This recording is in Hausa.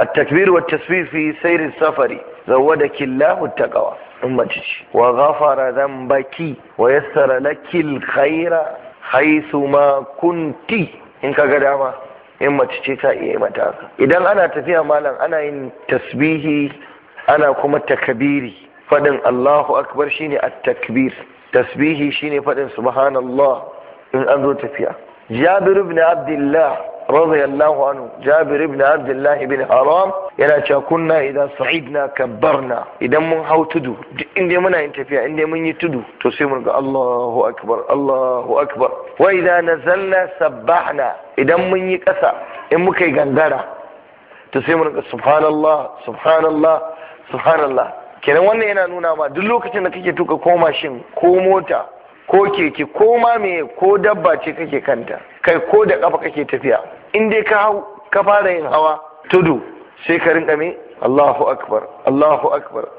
التكبير والتسبيح في سير السفر زودك الله التقوى أمتي وغفر ذنبك ويسر لك الخير حيثما كنت إن كقدامة in mace ce ta iya mata haka idan ana tafiya malam ana yin tasbihi ana kuma takabiri Faɗin Allahu akbar shine at tasbihi shine faɗin subhanallah in an zo tafiya Jabir ibn Abdullah radiyallahu anhu Jabir ibn Abdullah ibn Haram yana cewa kunna idan sa'idna kabbarna idan mun hau tudu duk inda muna yin tafiya inda mun yi tudu to sai mun ga Allahu akbar wa idan nazalna sabbahna idan mun yi ƙasa in muka gangara to mun ga subhanallah subhanallah subhanallah kenan wannan yana nuna ma duk lokacin da kake tuka ko mashin ko mota ko keke ko ma me ko dabba ce kake kanta kai ko da ƙafa kake tafiya in dai ka hau ka fara yin hawa tudu sai ka rinka me Allahu akbar Allahu akbar